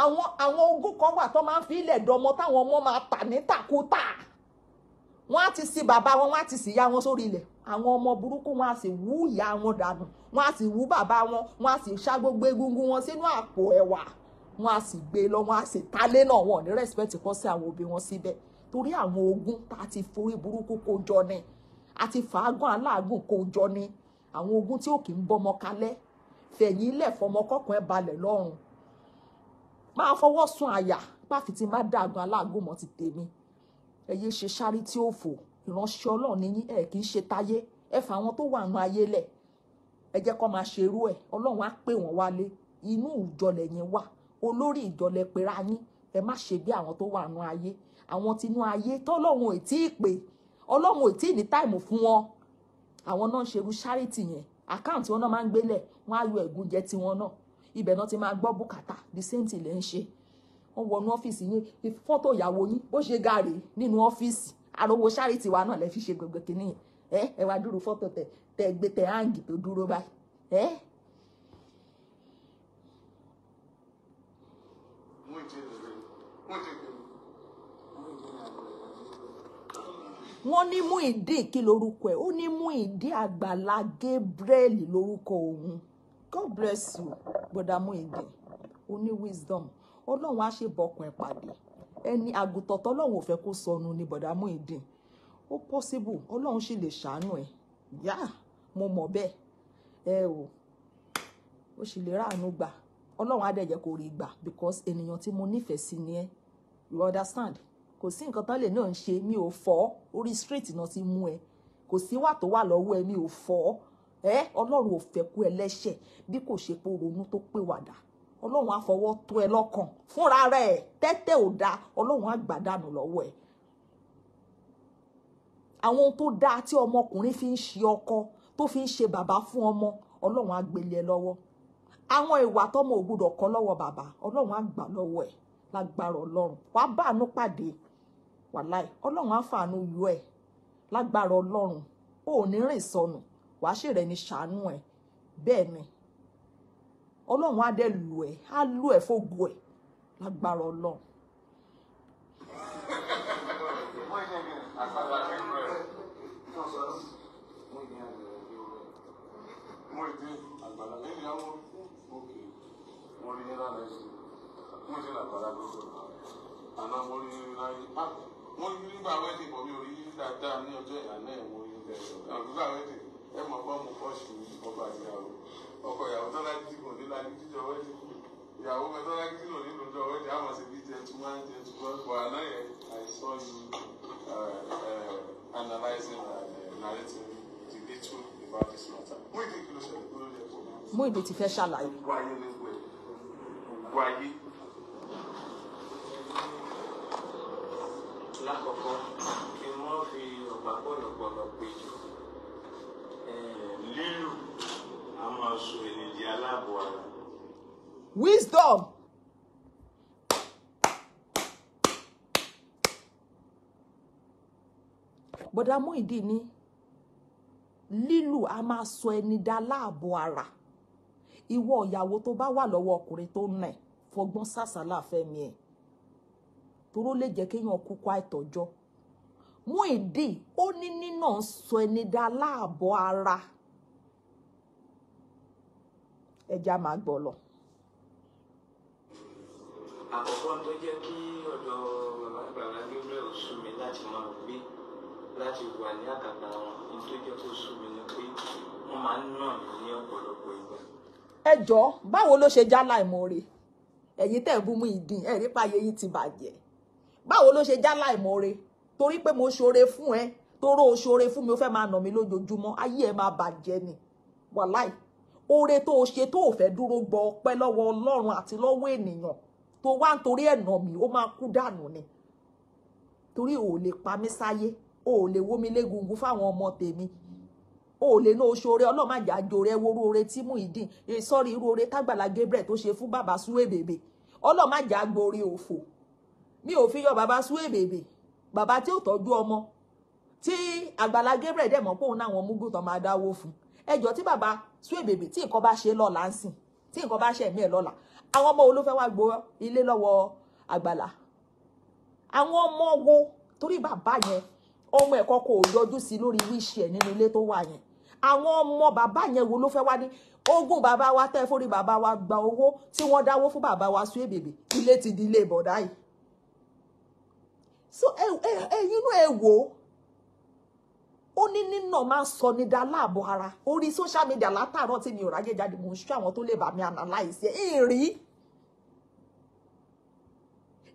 àwọn àwọn ogún kan wà tó máa ń fi ilẹ̀ dọmọ táwọn ọmọ máa tà ní tàkútà wọ́n á ti sin bàbá wọn wọ́n á ti sin ìyá wọn sórí ilẹ̀ àwọn ọmọ burúkú wọn á sì wú ìyá wọn dànù wọ́n á sì wú bàbá wọn wọ́n á sì ṣá gbogbo egungun wọn sínú àpò ẹ̀wà wọ́n á sì gbé e lọ wọ́n á sì talé náà wọn ní rẹ́sipẹ́tì kọ́ sí àwọn òbí wọn síbẹ̀ torí àwọn ogún tá a ti forí burúkú kó jọ ni a ti fàágùn aláàgùn kó jọ ni àwọn ogún tí ò kì í bọ́mọ kalẹ̀ fẹ̀yìn ilẹ̀ fọmọkọ́kùn ẹ̀ balẹ̀ lọ́rùn máa fọwọ́ sun àyà páfìtì má dàgbọ́n aláàgó mọ́ ti tèmi ẹ̀yẹ ṣe sáré tí ó fò ìránṣẹ́ ọlọ́run ní yín ẹ̀ kì í ṣe táyé ẹ fà wọn tó wà nù ayé lẹ̀ ẹ jẹ́ kó máa ṣerú ẹ̀ ọlọ́run á pè wọ́n wálé inú ìjọlẹ̀ yẹn wà olórí ìjọlẹ̀ pera yín ẹ má ṣe bí àwọn tó wà nù ayé àwọn tinú ayé tọ́lọ́run ò tí ì pè ọlọ́run ò tí ì ní táìmù fún wọn àwọn náà ń ṣerú ṣáríìtì yẹn àkáǹtì wọn náà máa ń gbélẹ̀ wọn á yọ ẹ̀gúnjẹ tiwọn náà ibẹ̀ náà ti máa gbọ́ bùkátà the same thing lẹ́ ń ṣe wọ́n wọnú ọ́fíìsì yín fọ́tò ìyàwó yín bó ṣe gààrí nínú ọ́fíìsì àròwò ṣáàrìtì wa náà lẹ́ fi ṣe gbogbo kìíní ẹ ẹ wá dúró fọ́tò tẹ tẹ gbé tẹ áǹgì tó dúró báyìí ẹ. wọ́n ní Muyideen kí lorúkọ ẹ̀ ó ní Muyideen Àgbàlá Gabriel lorúkọ òun. God bless you brother Muyinde o ní wisdom ọlọ́run á ṣe bọkùn ẹ̀ pàdé ẹni àgùntàn tọ́lọ́run ò fẹ́ kó sọnù ni brother Muyinde O possible ọlọ́run sì lè ṣàánú ẹ̀ yá mo mọ̀ bẹ́ẹ̀ ẹ o ó sì lè ráàánú gbà ọlọ́run á dẹ̀ jẹ́ kó rí gbà because ènìyàn tí mo nífẹ̀ẹ́ sí ni ẹ́ you understand kò sí nǹkan tán lè náà ń ṣe mi ò fọ́ orí straight náà ti mú ẹ kò sí wà tó wà lọ́wọ́ ẹ mi ò fọ́ ẹ ọlọ́run ò fẹ́ kú ẹlẹ́ṣẹ̀ bí kò ṣe pé ronú tó pé wàdà ọlọ́run á fọwọ́ tó ẹ lọ́kàn fúnra rẹ̀ tẹ́tẹ́ ò dáa ọlọ́run á gbàdánù lọ́wọ́ ẹ àwọn ohun tó dáa tí ọmọkùnrin fi ń ṣe ọkọ tó fi ń ṣe bàbá fún ọmọ ọlọ́run á gbélé ẹ lọ́wọ́ àwọn ìwà tọmọ ò gbọ́dọ̀ kọ́ bàbá ọlọ́run á gbà lọ́wọ́ ẹ lágbára ọlọ́run wàá bá àánú pàdé wàláì ọlọ́run á fàánú yọ ẹ lágbára ọlọ́run ò ní rìn sọnù wàá ṣèrè ni ṣàánú ẹ̀ bẹ́ẹ̀ ni ọlọ́run á dẹ̀ lù ẹ́ á lù ẹ́ fógo ẹ̀ lágbára ọlọ́run. Wọ́n ní nígbà wẹ́ẹ̀dì pọ̀ mi ò rí dáadáa ní ọjọ́ ìyá náà ìwòye ìgbà wẹ́ẹ̀dì ẹ mọ̀ bá mo kọ́ ṣù ọkọ àti ìyàwó ọkọ ìyàwó tó láti dìbò ní láti jíjọ wẹ́ẹ̀dì ìyàwó mi tó láti dìbò nínú ìjọ wẹ́ẹ̀dì àmọ̀ sí bí jẹ tún máa ń jẹ tún máa ń bọ̀ àná yẹn I saw you uh, uh, and uh, narrating the little about this matter. Mo ìdí kí ló ṣẹlẹ̀ kúrò ní ẹ̀kọ́ mi. Mo ìdí ti fẹ́ ṣàlàyé. Gbogbo ayé ló ń gbẹ. ayé. Lákọ̀ọ́kọ́, kí wọ́n fi ọ̀pá pọ̀lọpọ̀lọ péjọ. a ara. wisdom. bọ̀dá Muyidee lílù a máa sọ ẹni di ara ìwọ ìyàwó tó bá wà lọ́wọ́ ọkùnrin tó ń nà ẹ̀ fọgbọ́n sàṣàlà fẹ́mi ẹ̀ toró lè jẹ́ kéèyàn Muyideen ó ní nínà sọ ẹni dá láàbọ̀ ara ẹja máa gbọ́ lọ. àkọ́kọ́ tó jẹ́ kí ọ̀dọ̀ bàbá bàbá Gabriel mi láti máa gbé láti wà ní àkàtà wọn ní tó jẹ́ kó sú mi ni pé wọ́n máa ń nà ní ọ̀pọ̀lọpọ̀ ìgbà. ẹ jọ̀ọ́ báwo ló ṣe já láìmoore ẹ̀yin tẹ́ ẹ̀ bú Muyideen ẹ̀rí pààyè yìí ti bàjẹ́ báwo ló ṣe já láìmoore torí pé mo ṣoore fún ẹ toró o ṣoore fún mi ó fẹ́ máa nà mí lójoojúmọ́ ayé ẹ máa bàjẹ́ ni wàláì oore tó o ṣe tó o fẹ́ dúró gbọ́ ọpẹ́ lọ́wọ́ ọlọ́run àti lọ́wọ́ ènìyàn tó wá ń torí ẹ̀ nà mí ó máa kú dànù ni torí o lè pa mí sáyé o lè wó mi légungun fáwọn ọmọ tèmi o ò lè ná oṣù oore ọlọ́mọ àjàjò rẹ worú oore tí mú ìdín eh, sọ́rí irú oore tágbàlá Gabriel tó ṣe fún bàbá Suebebe ọlọ́mọ àjàgbò orí òfò mi ò fi yọ bàbá Suebebe bàbá tí ò tọ́jú ọmọ tí Àgbàlá Gabriel dẹ̀ mọ́ pòun náwọn múgùn tán máa dáwó fún ẹjọ́ tí bàbá Suebebe tí nǹkan bá ṣe lọ́la ń sìn tí nǹkan bá ṣe ẹ̀mí ẹ̀ lọ́la àwọn ọmọ wo ló fẹ́ wá gbọ́ ilé lọ́wọ́ Àgbàlá àwọn ọmọ wo torí bàbá yẹn ọmọ ẹ̀kọ́ kò yọjú sí lórí wíṣì ẹ̀ nínú ilé tó wà yẹn àwọn ọmọ bàbá yẹn wo ló fẹ́ wá ní ogún bàbá wa tẹ́ fórí bàbá wa gba owó tí wọ́n dáwó fún bàbá wa Suebebe ilé ti di ilé ìbọ̀dá yìí so ẹ wò ó ní nínà máa ń sọ ní da láàbò ara social media tí mi ò ráyè jáde ń àwọn tó lè mi analyze ẹ̀ ń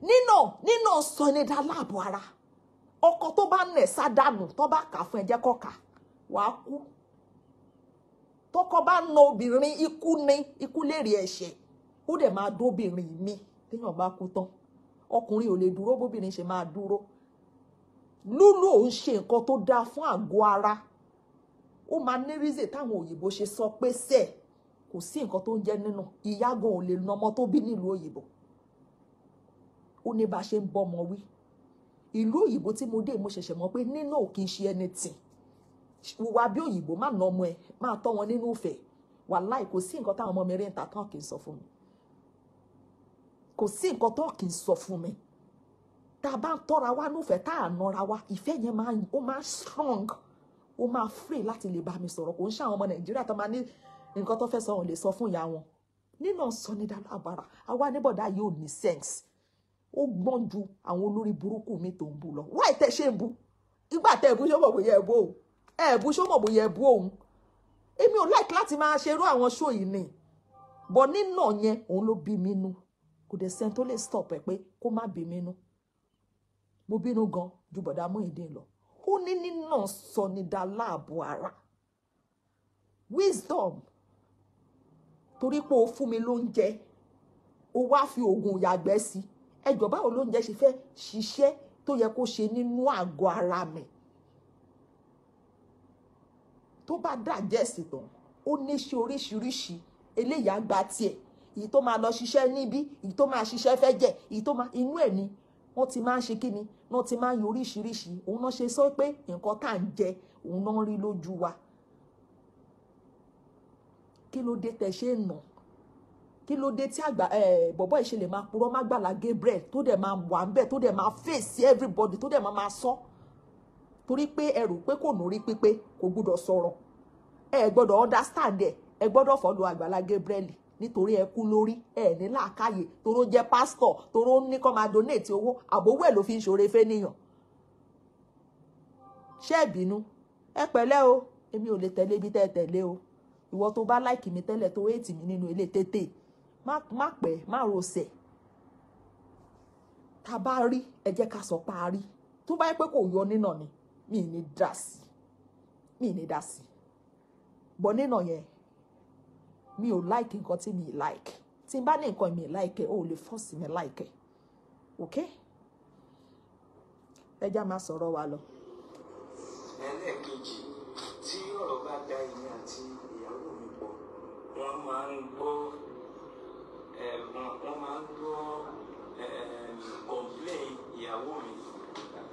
nínà nínà sọ ní da láàbò ara ọkọ tó bá nẹ sádànù tó bá kà fún ẹ kú tọkọ bá na obìnrin ikú ni ikú lè rí ó máa dóbìnrin mi ọkùnrin ò lè dúró bóbìnrin ṣe máa dúró lúlò ń ṣe nǹkan tó dáa fún àgọ́ ara ó máa ní rízè táwọn òyìnbó ṣe sọ pé sẹ kò sí nǹkan tó ń jẹ nínú ìyá gan ò lè na ọmọ tó bí nílùú òyìnbó ó ní bá ṣe ń bọmọ wí ìlú òyìnbó tí mo dé mo ṣẹ̀ṣẹ̀ mọ̀ pé nínú ò kì í ṣe ẹni tì wà bí òyìnbó má nà ọmọ ẹ máa tọ́ wọn nínú ìfẹ́ wàláì kò sí nǹkan táwọn ọmọ mi rí ń ta tán kì í sọ fún mi kò sí nǹkan tó kì í sọ fún mi tá a bá ń tọ́ra wa nífẹ̀ẹ́ tá a nọra wa ìfẹ́ yẹn máa ó máa strong ó máa free láti lè bá mi sọ̀rọ̀ kò ń ṣe àwọn ọmọ nàìjíríà tó máa ní nǹkan tó fẹ́ sọ òun lè sọ fún ìyá wọn nínà sọ ní dáná àbára àwa níbọ̀dá yìí ò ní sense ó gbọ́n ju àwọn olórí burúkú mi tó ń bú lọ wáì tẹ́ ṣe ń bú ìgbà tẹ́ ẹ̀bú ṣó mọ̀ bóyá ẹ̀bú òun ẹ̀bú ṣó mọ̀ bóyá ẹ̀bú òun èmi ò láti máa ṣerú àwọn ṣó yìí ni bọ̀ nínà yẹn òun ló bí mi nú kò dẹ̀ sẹ́ni tó lè stop ẹ̀ pé kó má bí mi nú mo bínú gan ju bọ̀dá Muyideen lọ ó ní nínà sọ ní da láàbò ara wisdom torí pé o fún mi lóúnjẹ o wá fi oògùn ìyàgbẹ́ sí ẹjọ́ báwo lóúnjẹ ṣe fẹ́ ṣiṣẹ́ tó yẹ kó ṣe nínú àgọ́ ara mi tó bá dàjẹ́ sí tán ó ní ṣe oríṣiríṣi eléyàá gba tiẹ̀ èyí tó máa lọ ṣiṣẹ́ níbí èyí tó máa ṣiṣẹ́ fẹ́ jẹ èyí tó máa inú ẹ̀ ni wọ́n ti máa ń ṣe kí ni wọ́n ti máa ń yan oríṣiríṣi òun náà ṣe sọ pé nǹkan tá à ń jẹ òun náà ń rí lójú wa kí ló dé tẹ ṣe ń nà kí ló dé tí àgbà bọ̀bọ̀ ìṣe lè máa purọ́ má gbàlá Gabriel tó dẹ̀ máa wà ń bẹ̀ tó dẹ̀ máa fèsì everybody tó dẹ̀ máa máa sọ torí pé ẹ rò pé kò nórí pípé kò gbúdọ̀ sọ̀rọ̀ ẹ gbọ́dọ̀ understand ẹ ẹ gbọ́dọ̀ fọ́lọ́ àgbàlá Gabriel nítorí ẹ kú lórí ẹ ní làákàyè toró jẹ́ pásítọ̀ toró ní kó máa donate owó àbówó ẹ̀ ló fi ń ṣoore fẹ́nìyàn ṣé ẹ bínú ẹ pẹ̀lẹ́ o èmi ò lè tẹ̀lé ibi tẹ́ ẹ tẹ̀lé o ìwọ tó bá láìkì mi tẹ́lẹ̀ tó éètì mi nínú ilé tètè má pẹ́ má rosẹ̀ tá a bá rí ẹ jẹ́ ká sọ pa á tó bá yẹ pé kò yọ nínà ni mi ní dá sí mi ní dá sí bọ́ nínà yẹn mi ò like nǹkan tí mi like tí n bá ní nǹkan mi like o ò lè force mi like ok ẹ já máa sọ̀rọ̀ wa lọ. ẹlẹ́ẹ̀kejì tí ọ̀rọ̀ bá da èmi àti ìyàwó mi pọ̀ wọ́n máa ń gbọ́ wọ́n máa ń gbọ́ complain ìyàwó mi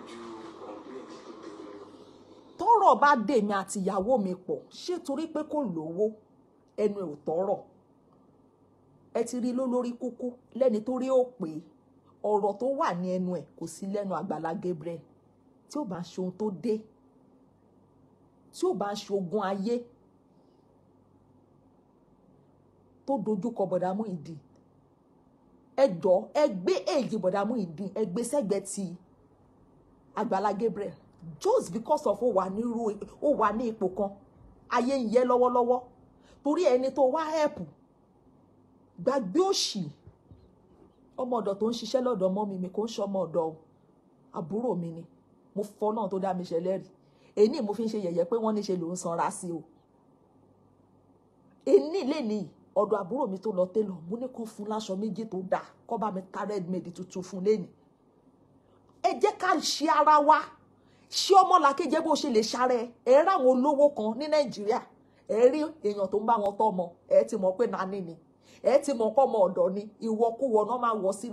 ju complain tó bẹ̀rẹ̀. tọ́rọ̀ bá dèmi àti ìyàwó mi pọ̀ ṣé torí pé kò lówó ẹnu ẹ̀ ò tọ́rọ̀ ẹ ti rí lólórí kúkú lẹ́ni tó rí òpè ọ̀rọ̀ tó wà ní ẹnu ẹ̀ kò sí lẹ́nu àgbàlá Gabriel tí ò bá ṣe ohun tó dé tí ò bá ṣe ogun ayé tó dojúkọ bọ̀dá Muyideen ẹ jọ ẹ èyí bọ̀dá Muyideen ẹ gbé ti àgbàlá Gabriel just because of ó wà ní ipò kan ayé ń yẹ lọ́wọ́lọ́wọ́ torí ẹni tó wá help gbàgbé òṣì ọmọ ọ̀dọ̀ tó ń ṣiṣẹ́ lọ́dọ̀ ọmọ mi mi kò ń ṣọmọ ọ̀dọ̀ àbúrò mi ni mo fọ́ náà tó dá mi ṣe lẹ́rìí èyí mo fi ń ṣe yẹ̀yẹ́ pé wọ́n ní ṣe ló ń sanra sí o èyí lè ní ọ̀dọ̀ àbúrò mi tó lọ télọ̀ mo ní kó fún láṣọ méjì tó dáa kó bá mi ta redmade tuntun fún lẹ́nu ẹ jẹ́ ká ṣe ara wa ṣé ọmọlàkejì bó ṣe lè ṣàrẹ ẹ rí èèyàn tó ń bá wọn tọ́mọ ẹ ti mọ̀ pé nani ni ẹ ti mọ̀ pé ọmọ ni ìwọkúwọ náà máa wọ̀ sí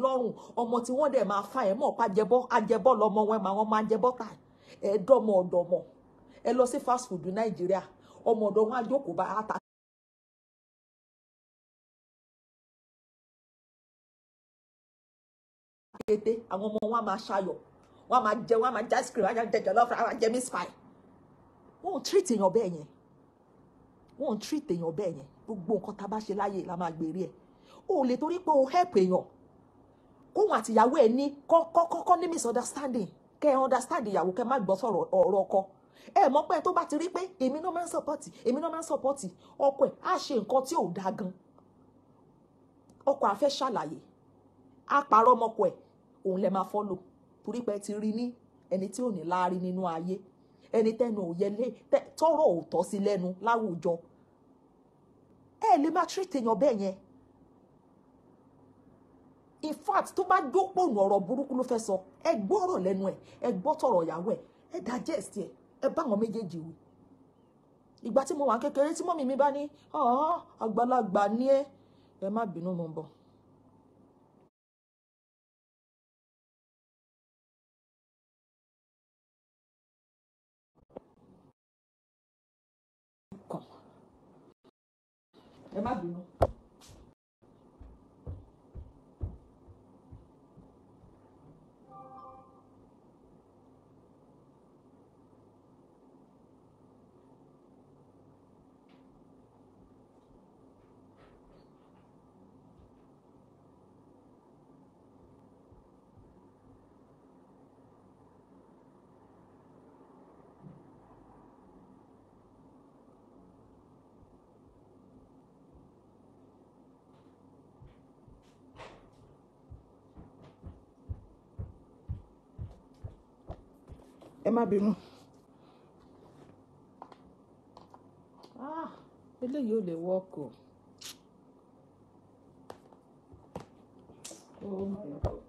ọmọ tí wọn dẹ̀ máa fa ẹ̀ mọ̀ pa jẹbọ́ ajẹbọ́ lọmọ wọn máa wọn máa jẹbọ ta ẹ dọ́mọ lọ sí fast food nàìjíríà ọmọ ọdọ wọn á wọ́n treat èèyàn bẹ́ẹ̀ yẹn gbogbo nǹkan tá a bá ṣe láyè la máa gbèrè ẹ̀ o lè torí pé o help èèyàn kóhun àtìyàwó ẹ̀ ní kọ́kọ́kọ́ ní misunderstanding kẹ́ ẹ understand ìyàwó kẹ́ má gbọ́ sọ̀rọ̀ ọ̀rọ̀ ọkọ ẹ mọ̀ pé tó bá ti rí pé èmi náà máa ń support èmi náà máa ń support ọkọ ẹ̀ á ṣe nǹkan tí ò dáa gan ọkọ àfẹ́ ṣàlàyé á parọ́ ọmọkọ ẹ̀ òun lè máa follow torí pé ti rí ní ẹni tí ò ní láárí nínú ayé ẹni tẹnu òye lé tọrọ òótọ́ sí lẹ́nu láwùjọ e le máa treat èèyàn bẹ́ẹ̀ yẹn in fact tó bá dópònù ọ̀rọ̀ burúkú ló fẹ́ sọ ẹ gbọ́ ọ̀rọ̀ lẹ́nu ẹ̀ ẹ gbọ́ tọrọ ìyàwó ẹ̀ ẹ digest ẹ̀ ẹ bá àwọn méjèèjì mo wà kékeré mi bá ni ẹ ẹ má bínú mo É maduro. má bínú. Ah, eléyìí ò lè wọ́ọ̀kù. Oh,